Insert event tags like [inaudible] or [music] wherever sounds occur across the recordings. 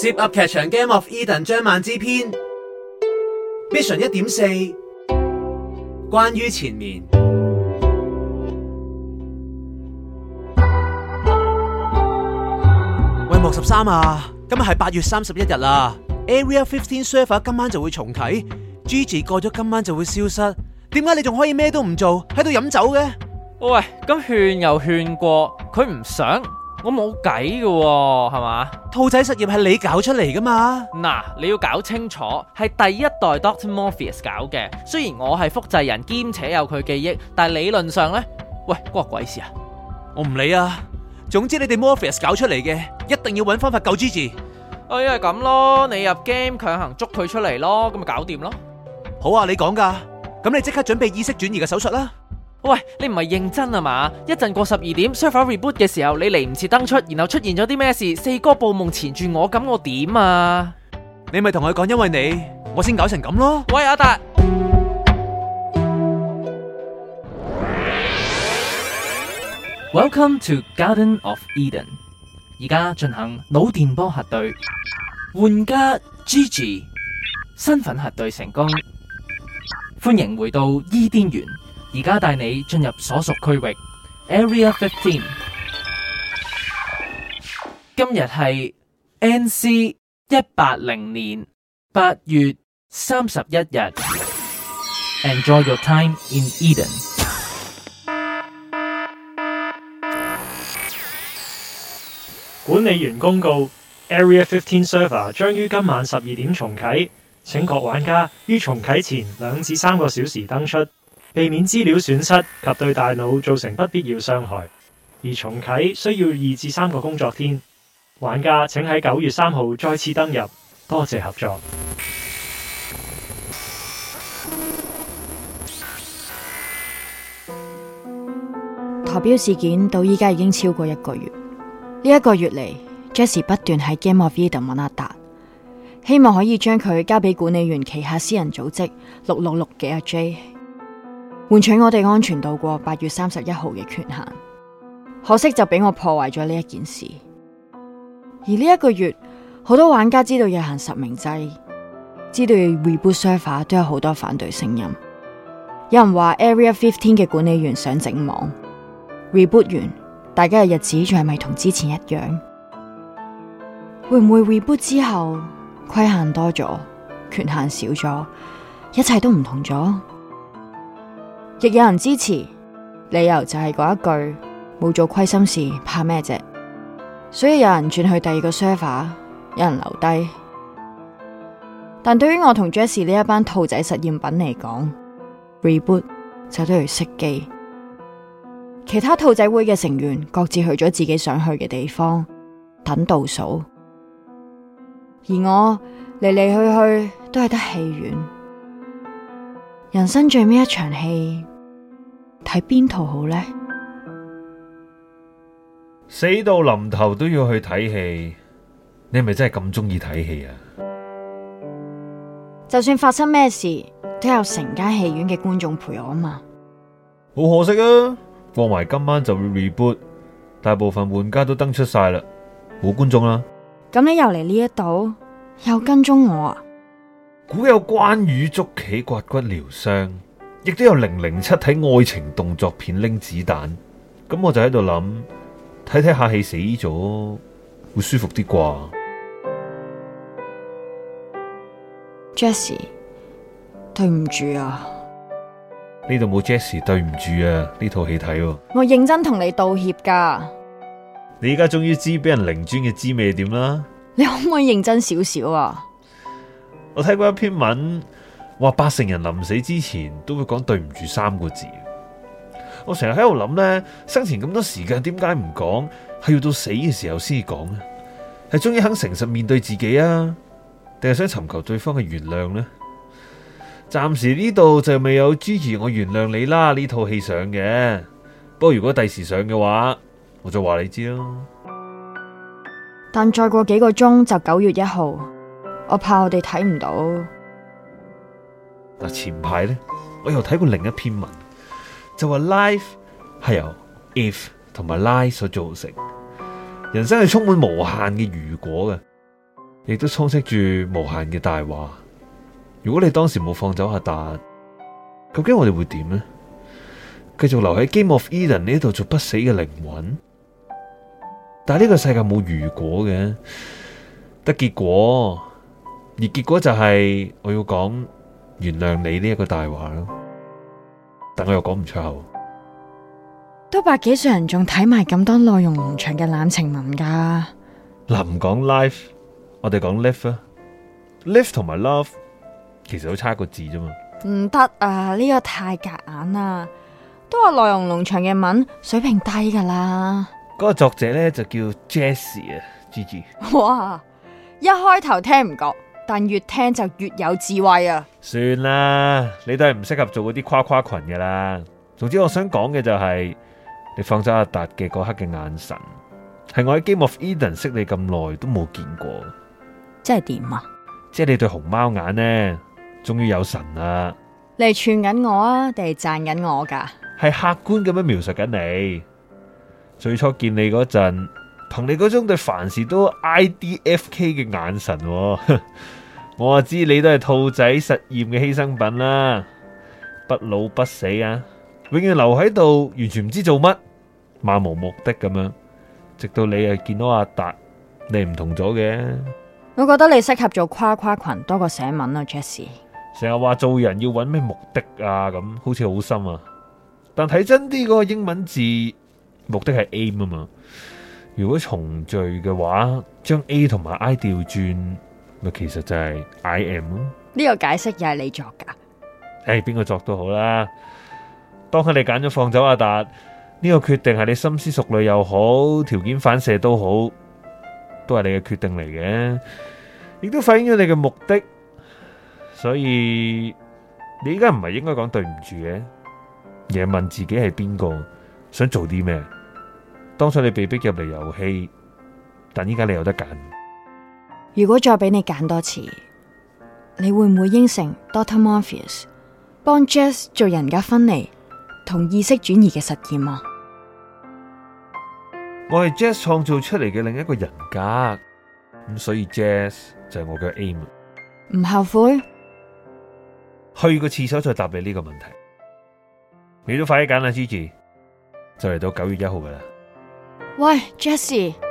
涉及劇場 Game of Eden 張曼之篇 Mission 一點四關於前面喂莫十三啊，今是8月31日係八月三十一日啦。Area fifteen server 今晚就會重啟，Gigi 過咗今晚就會消失。點解你仲可以咩都唔做喺度飲酒嘅？喂，咁勸又勸過，佢唔想。我冇計㗎，係嘛？兔仔實驗係你搞出嚟噶嘛？嗱，你要搞清楚，係第一代 Doctor Morpheus 搞嘅。雖然我係複製人，兼且有佢記憶，但係理論上咧，喂，關我鬼事啊！我唔理啊。總之你哋 Morpheus 搞出嚟嘅，一定要搵方法救 Gigi。哎呀咁咯，你入 game 強行捉佢出嚟咯，咁咪搞掂咯。好啊，你講噶，咁你即刻準備意識轉移嘅手術啦。喂，你唔係認真啊嘛？一陣過十二點，server reboot 嘅時候，你嚟唔切登出，然後出現咗啲咩事？四哥報夢纏住我，咁我點啊？你咪同佢講，因為你我先搞成咁咯。喂，阿達，Welcome to Garden of Eden，而家進行腦電波核對，玩家 Gigi，身份核對成功，歡迎回到伊甸園。而家帶你進入所屬區域 Area Fifteen。今日係 N.C. 一八零年八月三十一日。Enjoy your time in Eden。管理員公告：Area Fifteen Server 將於今晚十二點重啟，請各玩家於重啟前兩至三個小時登出。避免資料損失及對大腦造成不必要傷害，而重啟需要二至三個工作天。玩家請喺九月三號再次登入，多謝合作。陀錶事件到依家已經超過一個月，呢、這、一個月嚟，Jesse 不斷喺 Game of Eden 搵阿達，希望可以將佢交俾管理員旗下私人組織六六六嘅阿 J。換取我哋安全度過八月三十一號嘅權限，可惜就俾我破壞咗呢一件事。而呢一個月，好多玩家知道要行實名制，知道要 reboot server 都有好多反對聲音。有人話 Area Fifteen 嘅管理員想淨網，reboot 完，大家嘅日子仲係咪同之前一樣？會唔會 reboot 之後，規限多咗，權限少咗，一切都唔同咗？亦有人支持，理由就係嗰一句，冇做虧心事，怕咩啫？所以有人轉去第二個 server，有人留低。但對於我同 Jesse 呢一班兔仔實驗品嚟講，reboot 就等於熄機。其他兔仔會嘅成員各自去咗自己想去嘅地方，等倒數。而我嚟嚟去去都係得戲院。人生最尾一場戲，睇邊套好呢？死到臨頭都要去睇戲，你係咪真係咁鍾意睇戲啊？就算發生咩事，都有成間戲院嘅觀眾陪我啊嘛！好可惜啊，放埋今晚就會 reboot，大部分玩家都登出晒啦，冇觀眾啦，啊。咁你又嚟呢一度，又跟蹤我啊？古有關羽捉棋刮骨療傷，亦都有零零七睇愛情動作片拎子彈。咁我就喺度諗，睇睇下戲死咗會舒服啲啩？Jesse，對唔住啊，呢度冇 Jesse，對唔住啊，呢套戲睇喎。我認真同你道歉噶，你而家終於知俾人0專嘅滋味點啦。你可唔可以認真少少啊？我睇過一篇文，話八成人臨死之前都會講對唔住三個字。我成日喺度諗呢，生前咁多時間點解唔講，係要到死嘅時候先講咧？係終於肯誠實面對自己啊，定係想尋求對方嘅原諒呢？暫時呢度就未有 Gigi 我原諒你啦呢套戲上嘅，不過如果第時上嘅話，我就話你知咯。但再過幾個鐘就九月一號。我怕我哋睇唔到。嗱，前排咧，我又睇過另一篇文，就話 Life 係由 if 同埋 Lie 所造成，人生係充滿無限嘅如果嘅，亦都充斥住無限嘅大話。如果你當時冇放走阿達，究竟我哋會點呢？繼續留喺 Game of Eden 呢度做不死嘅靈魂？但係呢個世界冇如果嘅，得結果。而結果就係我要講原諒你呢一個大話咯，但我又講唔出口。都百幾歲人仲睇埋咁多內容農場嘅濫情文噶。嗱、啊、唔講 life，我哋講 live 啊，live 同埋 love 其實都差一個字啫嘛。唔得啊，呢、這個太夾硬啦！都話內容農場嘅文，水平低噶啦。嗰、那個作者咧就叫 Jesse 啊，Gigi。哇，一開頭聽唔覺。但越聽就越有智慧啊！算啦，你都係唔適合做嗰啲誇誇群嘅啦。總之，我想講嘅就係、是，你放走阿達嘅嗰刻嘅眼神，係我喺 Game of Eden 識你咁耐都冇見過。即係點啊？即係你對熊貓眼呢？終於有神啦！你係串緊我啊？定係讚緊我噶？係客觀咁樣描述緊你。最初見你嗰陣，憑你嗰種對凡事都 IDFK 嘅眼神、啊。 [laughs] 我知你都係兔仔實驗嘅犧牲品啦，不老不死啊，永遠留喺度，完全唔知做乜，漫無目的咁樣，直到你啊見到阿達，你唔同咗嘅。我覺得你適合做誇誇群多過寫文啊，Jesse。成日話做人要揾咩目的啊，咁好似好深啊。但睇真啲嗰個英文字，目的係 Aim 啊嘛。如果重序嘅話，將 A 同埋 I 調轉。咪其實就係 I am 咯。呢個解釋又係你作噶？誒邊個作都好啦。當刻你揀咗放走阿達，呢個決定係你深思熟慮又好，條件反射都好,都係你嘅決定嚟嘅，亦都反映咗你嘅目的。所以你依家唔係應該講對唔住嘅，而係問自己係邊個想做啲咩？當初你被逼入嚟遊戲，但依家你有得揀。如果再俾你揀多次，你會唔會應承 Doctor Morpheus 幫 Jesse 做人格分離同意識轉移嘅實驗啊？我係 Jesse 創造出嚟嘅另一個人格，咁所以 Jesse 就係我嘅 Aim。唔後悔？去個廁所再答你呢個問題。你都快啲揀啦，Gigi。就嚟到九月一號噶啦。喂，Jesse。Jessie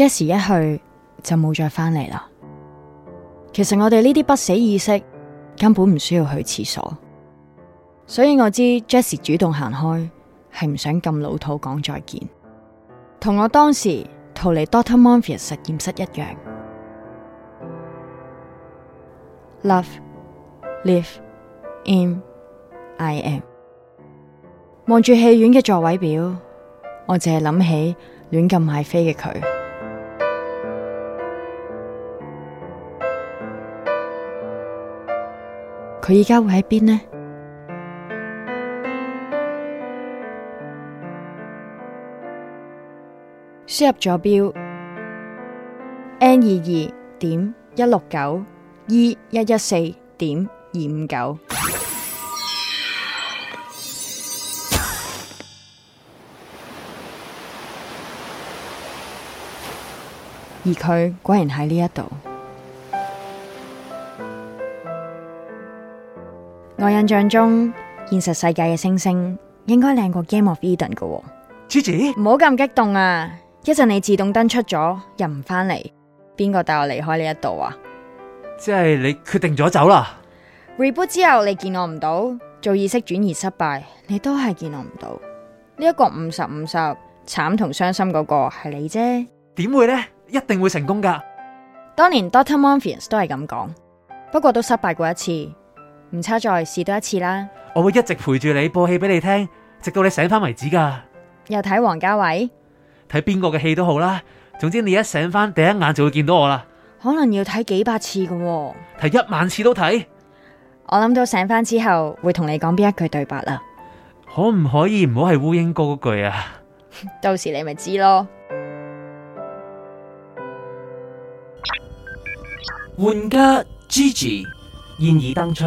Jesse 一去就冇再翻嚟啦。其實我哋呢啲不死意識根本唔需要去廁所，所以我知 Jesse 主動行開係唔想咁老土講再見，同我當時逃離 Doctor Morpheus 實驗室一樣。Love, live, in, I am。望住戲院嘅座位表，我淨係諗起亂咁買飛嘅佢。佢依家會喺邊呢？輸入坐標，N 二二點一六九 E 一一四點二五九，而佢果然喺呢一度。我印象中，現實世界嘅星星應該靚過《Game of Eden》噶。Gigi，唔好咁激動啊！一陣你自動登出咗，又唔翻嚟，邊個帶我離開呢一度啊？即係你決定咗走啦。Reboot 之後，你見我唔到，做意識轉移失敗，你都係見我唔到。呢一個五十五十慘同傷心嗰個係你啫。點會呢？一定會成功噶。當年 Dr Morpheus 都係咁講，不過都失敗過一次。唔差，再試多一次啦！我會一直陪住你，播戲俾你聽，直到你醒翻為止噶。又睇王家衛？睇邊個嘅戲都好啦。總之你一醒翻，第一眼就會見到我啦。可能要睇幾百次噶喎，睇一萬次都睇。我諗到醒翻之後，會同你講邊一句對白啦。可唔可以唔好係烏蠅哥句啊？ [laughs] 到時你咪知咯。玩家 Gigi 現已登出。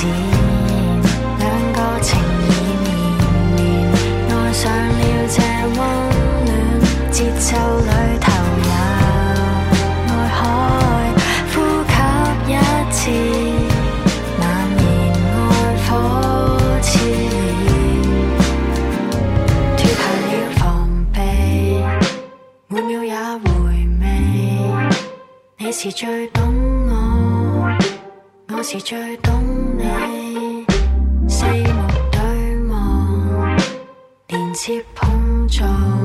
是兩個情意綿綿，愛上了這溫暖節奏裏投入愛海，呼吸一次，蔓延愛火熾熱，脫下了防備，每秒也回味。你是最懂我，我是最懂。你四目對望，連接碰撞。